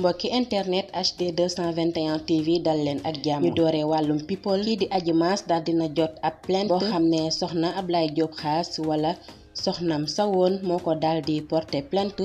mbokki internet HD 221 TV dal leen ak jàmm ñu dooree wàllum people kii di Adji Mass daal dina jot ab plainte boo xam ne soxna Ablaye Diop Xaas wala soxnam sawoon moo ko daal di porter plainte